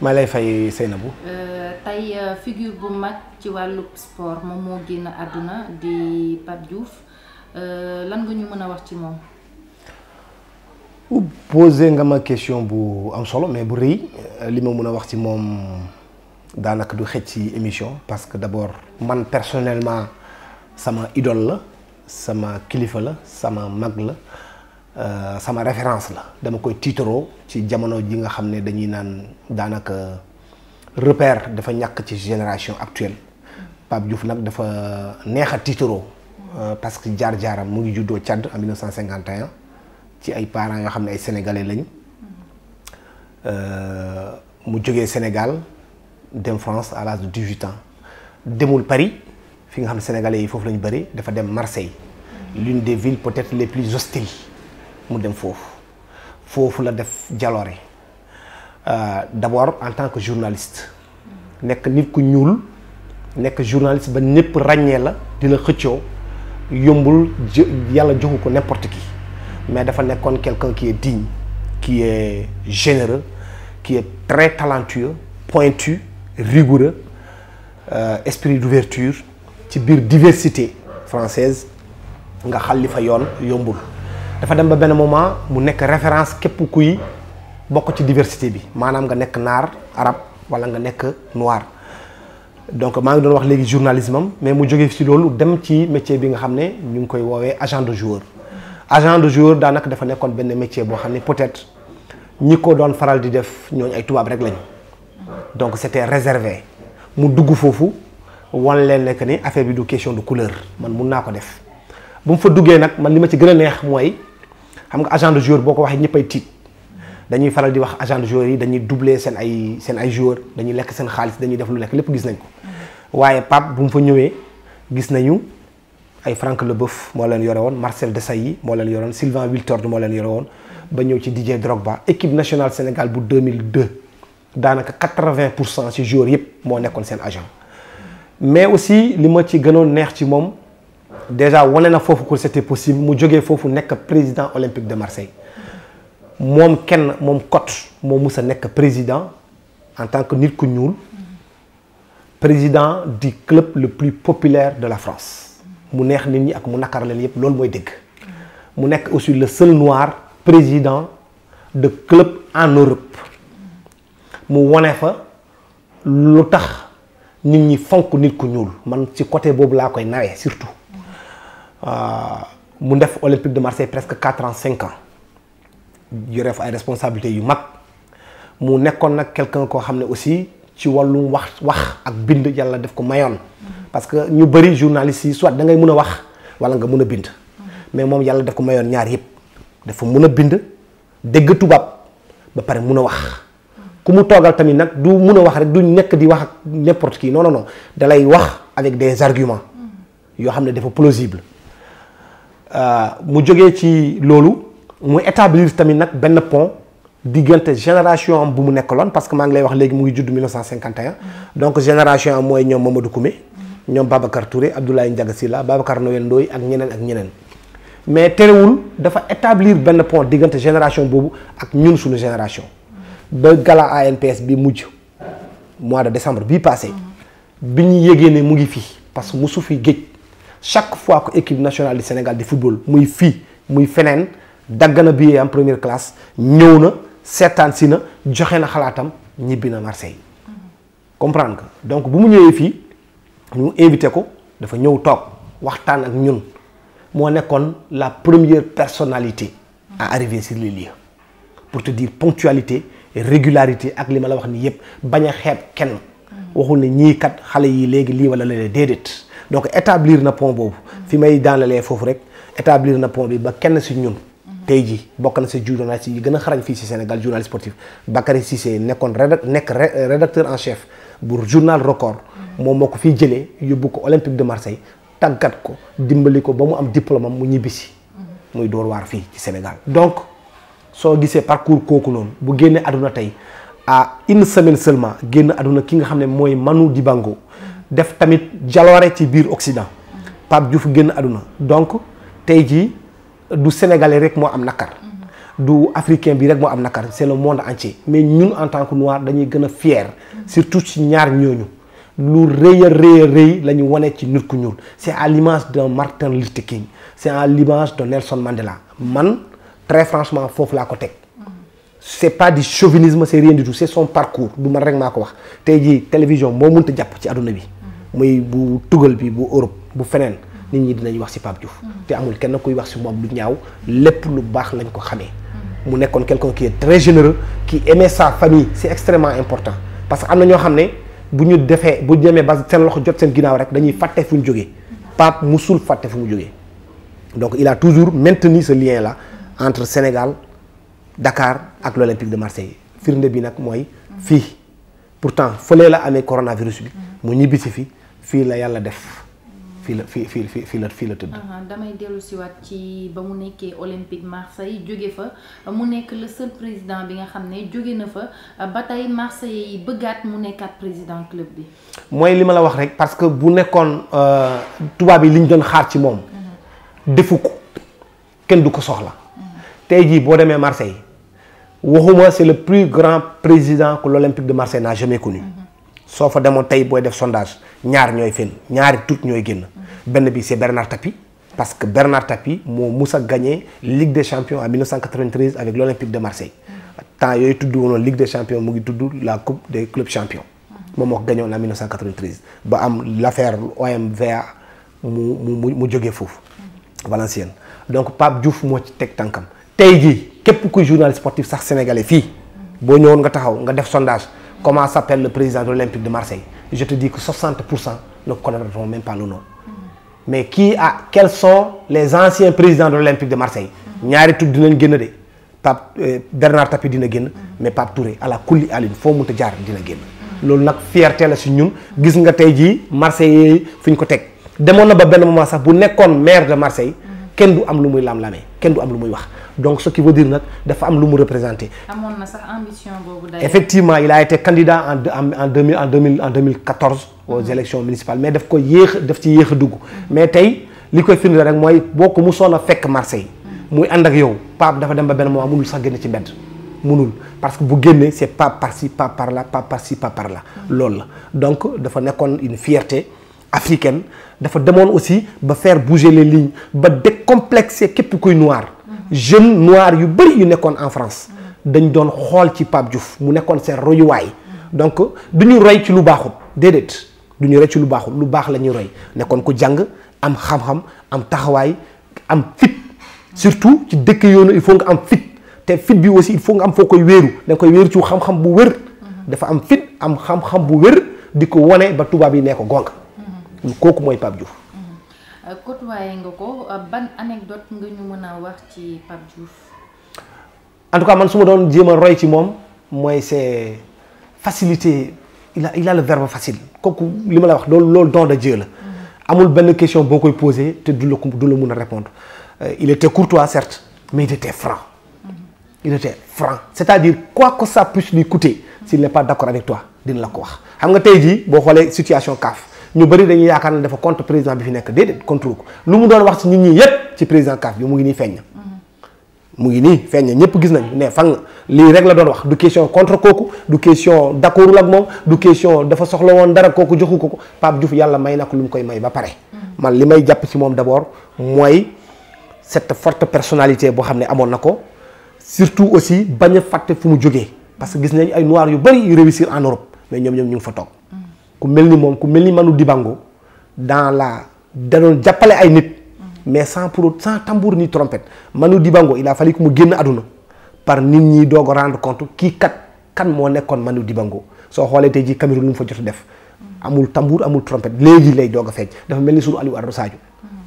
ma lay fay Seynabou euh, tey euh, figure bu mag ci wàllu sport moom moo génn àdduna di Pape Diouf euh, lan nga ñu mën a wax ci moom posé nga ma question bu am solo mais bu rëy li ma mën a wax ci moom daanaka du xëj ci émission parce que d'abord man personnellement sama idole la sama kilifa la sama mag la Euh, sama référence la dama koy tiitaroo ci jamono ji nga xam ne dañuy naan daanaka repère dafa ñàkk ci génération actuelle Pape Diouf nag dafa neex a tiitaroo euh, parce que jaar-jaaram mu ngi juddoo Tchad en 1951 ci ay parents yoo xam ne ay sénégalais lañ euh, mu jógee Sénégal dem France à l'âge de 18 ans demul Paris fi nga xam ne sénégalais yi foofu lañ bëri dafa dem Marseille l'une de villes peut-être les plus hostiles mu dem foofu foofu la def jaloore euh, d'abord en tant que journaliste nekk nit ku ñuul nekk journaliste ba ñëpp ràññee la di la xëccoo yombul yàlla joxu ko n'importe qui mais dafa nekkoon quelqu'un qui est digne qui est généreux qui est très talentueux pointu rigoureux euh, esprit d'ouverture ci biir diversité française nga xal li fa yoon yombul dafa dem ba benn moment mu nekk référence képp kuy bokk ci diversité bi maanaam nga nekk naar arab wala nga nekk noir donc maa ngi doon wax léegi journalisme am mais mu jóge si loolu dem ci métier bi nga xam ne ñu ngi koy woowee agent de joueur agent de joueur daanaka dafa nekkoon benn métier boo xam ne peut-être ñi ko doon faral di def ñooñu ay tubaab rek lañu donc c'était réservé mu dugg foofu wan leen ne ni affaire bi du question de couleur man mun naa ko def bu fa duggee nag man li ma ci gën a neex mooy xam nga agent de jour boo ko waxee ñëpp ay tiit dañuy faral di wax agent de joueur yi dañuy doubler seen ay seen ay joueur dañuy lekk seen xaalis dañuy def lu nekk lépp gis nañ ko waaye Pape bu mu fa ñëwee gis nañu ay Franck Leboeuf moo leen yore woon Marcel Desailly moo leen yore woon Sylvain Wiltord moo leen yore woon ba ñëw ci Didier Drogba équipe nationale Sénégal bu 2002 daanaka 80 pour cent ci joueurs yëpp moo nekkoon seen agent mais aussi li ma ci gënoon neex ci moom. déjà wane na foofu que c'était possible mu jógee foofu nekk président olympique de Marseille moom kenn moom coach moo musa nekk président en tant que nit ku ñuul président du club le plus populaire de la France mu neex nit ñi ak mu nakar leen yépp loolu mooy dégg mu nekk aussi le seul noir président de club en Europe mu wane fa lu tax nit ñi fonk nit ku ñuul man ci côté boobu laa koy nawee surtout Euh, mu def Olympique de Marseille presque quatre ans cinq ans yore fa ay responsabilités yu mag mu nekkoon nag quelqu'un koo xam ne aussi ci wàllum wax wax ak bind yàlla def ko mayoon parce que ñu bëri journalistes yi soit da ngay mën a wax wala nga mun a bind mais moom yàlla def ko mayoon ñaar yëpp dafa mun a bind dégg tubaab ba pare mun a wax ku mu toogal tamit nag du mun a wax rek du nekk di wax ak n'importe qui non non non dalay wax avec des arguments yoo xam ne dafa plausible Euh, mu jógee ci loolu mu établir tamit nag benn pont diggante génération am bu mu nekkaloon parce que maa ngi lay wax léegi mu ngi judd 1951 donc génération am mooy ñoom Mamadou Koumé ñoom Babacar Touré Abdoulaye Ndiaga Sylla Babacar Noël Ndoye ak ñeneen ak ñeneen mais terewul dafa établir benn pont diggante génération boobu ak ñun suñu génération ba gala ANPS bi mujj mois de décembre bi passé bi ñu yégee ne mu ngi fii parce que musu fi géej chaque fois que équipe nationale du Sénégal di football muy fii muy feneen dagg bi billet am première classe ñëw na seetaan si na joxe na xalaatam ñibbi na Marseille comprendre nga donc bu mu ñëwee fii ñu invité ko dafa ñëw toog waxtaan ak ñun moo nekkoon la première personnalité à arriver sur les lieux pour te dire ponctualité et régularité ak li ma la wax nii yépp bañ a xeeb kenn waxul ne ñii kat xale yi léegi lii wala la déedéet donc établir na pont boobu fi may daanalee foofu rek établir na pont bi ba kenn si ñun tey jii bokk na si journaliste yi gën a xarañ fii si Sénégal journaliste sportif Bakary Cissé nekkoon nekk rédacteur en chef bu journal record moom moo ko fii jëlee yóbbu ko Olympique de Marseille tàggat ko dimbali ko ba mu am diplôme am mu ñibbisi muy door waar fii ci Sénégal donc soo gisee parcours kooku noonu bu génnee àdduna tey ah une semaine seulement génn adduna ki nga xam ne mooy Manu Dibango def tamit jaloore ci biir Occident ju fu génn àdduna donc tey jii du sénégalais rek moo am nakar du africain bi rek moo am nakar c'est le monde entier mais ñun en tant que noir dañuy gën a fier surtout ci ñaar ñooñu lu rëy a rëy a rëy la ñu wane ci nit ku ñuul c'est à l'image de Martin Luther King c'est à l'image de Nelson Mandela man très franchement foofu laa ko teg c'est pas du chauvinisme c'est rien du tout c'est son parcours du man rek maa ko wax tey jii télévision moo mënta jàpp ci àdduna bi muy bu tugal bi bu Europe bu feneen nit ñi dinañu wax ci Pape Diouf mm-hmm. te amul kenn kuy wax ci moom lu ñaaw lépp lu baax lañ ko xamee mm-hmm. mu nekkoon quelqu'un qui est très généreux qui aimait sa famille c'est extrêmement important parce am na ñoo xam ne bu ñu defee bu demee ba seen loxo jot seen ginnaaw rek dañuy fàtte fu ñu jógee mm-hmm. Pape musul fàtte fu mu jógee donc il toujours maintenu ce lien la entre Sénégal dakaar ak l'Olympique de Marseille firnde bi nag mooy fii pourtant fëlee la amee coronavirus bi fii la yàlla def. fii la fii fii fii la fii la tëdd. damay dellu siwaat ci ba mu nekkee Olympique Marseille jóge fa mu nekk le seul président bi nga xam ne jóge na fa ba tey Marseille yi bëggaat mu nekkaat président club bi. mooy li ma la wax rek parce que bu nekkoon euh, tubaab yi li ñu doon xaar ci moom. Mhm. defu ko kenn du ko soxla. Mhm. tey jii boo demee Marseille waxuma c'est le plus grand président que l'Olympique de Marseille n'a jamais connu. Mhm. soo fa demoon tey booy def sondage. ñaar ñooy fen ñaari tuut ñooy génn benn bi c'est Bernard Tapie parce que Bernard Tapie moo mus a gagné Ligue des champions en 1993 avec l'Olympique de Marseille temps yooyu tudd woon Ligue des champions mu ngi tudd la coupe des clubs champions moom moo ko gagné woon ba am l'affaire OMVA mu mu mu jógee foofu Valenciennes donc Pape Diouf moo ci teg tànkam tey jii képp kuy journaliste sportif sax sénégalais fii boo ñëwoon nga taxaw nga def sondage comment s'appelle le président de l'Olympique de je te dis que 60 pour cent ne connaîtront même pas le no mais qui a quels sont les anciens présidents de l'Olympique de Marseille. ñaari tudd dinañ génn de Pape euh, Bernard Tapie dina génn. mais Pape Touré ala kulli alin foo mënta jaar dina génn. loolu nag fierté la si ñun gis nga tey jii Marseille yi fi ñu ko teg demoon na ba benn moment sax bu nekkoon maire de Marseille. kenn du am lu muy lam-lamee kenn du am lu muy wax donc ce qui veut dire nag dafa am lu mu représenté. amoon na sax ambition boobu d'ailleurs. effectivement il a été candidat en en deux mille en deux en deux mille quatorze. aux mhm. élections municipales mais daf ko yéex daf ci yéex dugg. Mhm. mais tey li koy firndeel rek mooy boo ko musoon a fekk Marseille. Mhm. muy ànd ak yow Pape dafa dem ba benn moment mënul sax génn ci mbedd. munul parce que bu génnee c'est pas par ci pas par là pas par ci par là. loolu la donc dafa nekkoon une fierté. africaine dafa demoon aussi ba faire bouger les lignes ba décomplexer képp kuy noir jeune noir yu bëri yu nekkoon en France dañ doon xool ci Pape Diouf mu nekkoon seen royuwaay donc du ñu roy ci lu baaxul déedéet du ñu roy ci lu baaxul lu baax la ñuy roy nekkoon ku jàng am xam-xam am taxawaay am fit surtout ci dëkk yoonu il faut nga am fit te fit bi aussi il faut nga am foo koy wéeru da koy wéeru ci xam-xam bu wér dafa am fit am xam-xam bu wér di ko wone ba tubaab yi nee ko gonga kooku mooy Pape Diouf. Euh, côtoyé nga ko euh, ban anecdote nga ñu mën a wax ci Pape Diouf. en tout cas man su ma doon jéem a roy ci moom mooy c'est facilité il a il a le verbe facile ma la wax loolu loolu don de Dieu la. Mhm. amul benn question boo koy posé te du la ko du la mun a répondre euh, il était courtois certes mais il était franc. Mhm. il était à dire quoi que ça puisse lui coûter mhm. s'il n'est pas d'accord avec dina la ko wax xam nga tey jii boo xoolee situation CAF ñu bëri dañuy yaakaar ne dafa contre président bi fi nekk déedéet contre ko lu mu doon wax ci nit ñi yépp ci président CAF bi mu ngi nii feeñ na mhm. mu ngi nii feeñ ñëpp gis nañ ne fan lii rek la doon wax du question contre kooku du question d'accordul ak moom du question dafa soxla woon dara kooku joxu ko ko Pape Diouf yàlla may na ko lu mu koy may ba pare. Mhm. man li may jàpp ci moom d'abord mooy cette forte personnalité boo xam ne amoon na ko surtout aussi bañ a fàtte fu mu jógee parce que gis nañ ay noirs yu bari yu réussir en ñoom ñoom ñu ngi fa toog. ku mel ni moom ku mel ni Manu Dibango dans la danoon jàppale ay nit mais sans pour sans tambour ni trompette Manu Dibango il a fallu que mu génn àdduna par nit ñi doog a rendre compte kii kat kan moo nekkoon Manu Dibango soo xoolee tey jii Cameroun lu mu fa jot a def amul tambour amul trompette léegi lay doog a feeñ dafa mel ni sunu Aliou Addo Sadio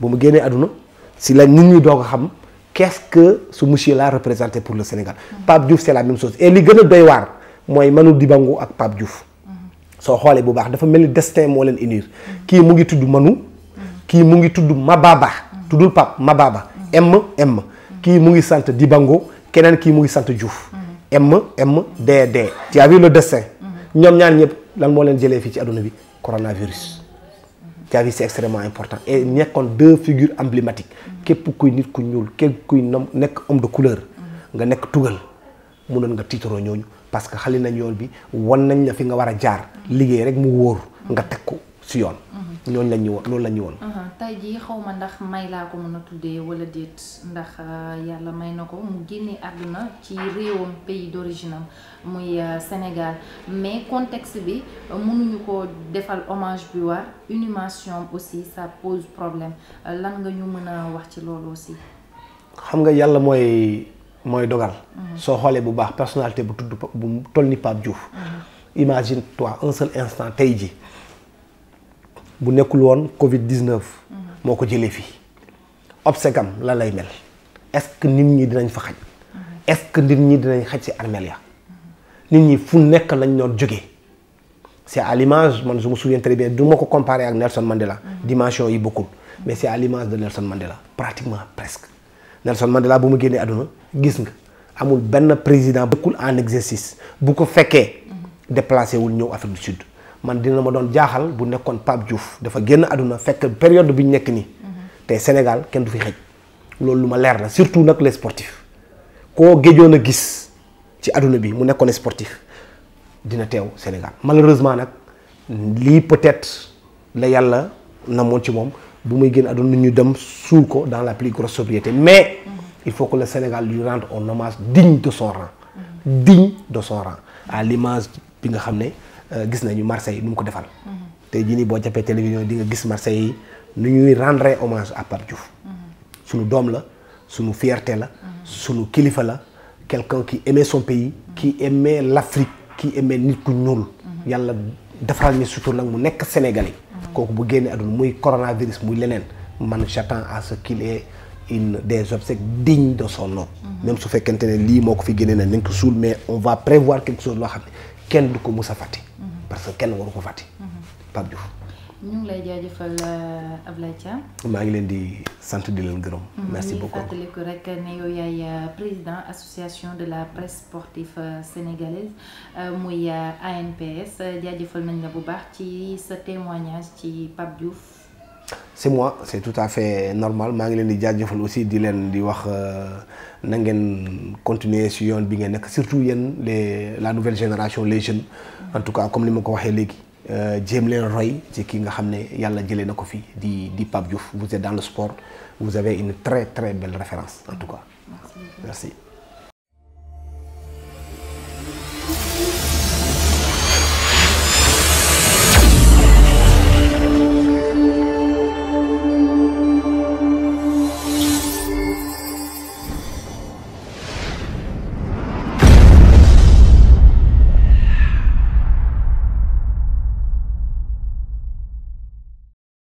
bu mu génnee àdduna si la nit ñi doog a xam que ce que ce monsieur là représenter pour le Sénégal Pape Diouf c'est la même chose et li gën a doy waar mooy Manu Dibango ak Pape Diouf soo xoolee bu baax dafa mel ni destin moo leen unir kii mu ngi tudd Manu kii mu ngi tudd Mababa tuddul Pape Mababa M M kii mu ngi sant Dibango keneen kii mu ngi sant Diouf M M D D tu as vu destin ñoom ñaan ñëpp lan moo leen jëlee fii ci àdduna bi coronavirus tu as vu c'est extrêmement important et nekkoon deux figures emblématiques képp kuy nit ku ñuul képp kuy nom nekk homme de couleur nga nekk tugal mënoon nga tiitaroo ñooñu parce que xali na yoon bi wan nañ la fi nga war a jaar liggéey rek mu wóor nga teg ko si yoon ñooñu la ñu woon loolu la ñu woon tey jii xaw ma ndax may laa ko mën a tuddee wala déet ndax uh, yàlla may na ko mu génne àdduna ci réewam pays d'origine am muy uh, Sénégal mais contexte bi uh, mënuñu ko defal hommage bi war inhumation aussi ça pose problème lan nga ñu mën a wax ci loolu aussi xam nga yàlla mooy mooy dogal. soo xoolee bu baax personnalité bu tudd bu toll ni Pape Diouf. imagine toi un seul instant tey ji bu nekkul woon Covid 19. moo ko jëlee fii. obsegam la lay mel est-ce que nit ñi dinañ fa xaj. est-ce nit ñi dinañ xaj ci armeel ya nit ñi fu nekk lañ doon jógee. c'est à l'image man je me souviens très du ma ko comparer ak Nelson Mandela. dimension yi bokkul mais c'est à l'image de Nelson Mandela pratiquement presque. Nelson Mandela bu mu génnee àdduna gis nga amul benn président dëkkul en exercice bu ko fekkee déplacé wul ñëw Afrique du Sud man dina ma doon jaaxal bu nekkoon Pape jouf dafa génn àdduna fekk période bi ñu nekk nii te Sénégal kenn du fi xëj loolu lu ma leer la surtout nag les sportifs koo géjoon a gis ci àdduna bi mu nekkoon sportif dina teew Sénégal malheureusement nag lii peut-être la yàlla namoon ci moom bu muy génn àdduna ñu dem suul ko dans la plus grosse sobriété mais mhm. il faut que le Sénégal lui rende un hommage digne de son rang mhm. digne de son rang à l'image bi nga xam ne euh, gis nañu Marseille yi nu mu ko defal mhm. te jii boo jàppee télévision di nga gis Marseille yi nu ñuy rendre hommage à Pape Diouf suñu doom la suñu fierté la suñu kilifa la quelqu'un qui aimait son pays qui aimait l'Afrique qui aimait nit ku ñuul yàlla defaral ñu surtout nag mu nekk Sénégalais kooku bu génnee àdduna muy coronavirus muy leneen man j'attends à ce qu'il ait une des obsèques dignes de son nom. Mhm. même su fekkente ne lii moo ko fi génnee nañ ko suul mais on va prévoir quelque chose loo xam ne kenn du ko mus a fàtte. Mhm. parce que kenn waru ko fàtte. Mhm. Pape Diouf. ñu ngi lay jaajëfal euh, Ablaye Thiam. maa ngi leen di sant di leen gërëm. Mm-hmm. merci beaucoup ñu ne yow yaay euh, président association de la presse sportive euh, sénégalaise muy ANPS jaajëfal nañ la bu baax ci sa témoignage ci Pape Diouf. c'est moi c'est tout à fait normal maa ngi leen di jaajëfal aussi di leen di wax na ngeen continuer si yoon bi ngeen nekk surtout yéen les la nouvelle génération les jeunes mm-hmm. en tout cas comme ni ma ko waxee léegi. Euh, jéem leen roy ci ki nga xam ne yàlla jëlee na ko fi di di Pape Diouf vous êtes dans le sport vous avez une très très belle référence en tout cas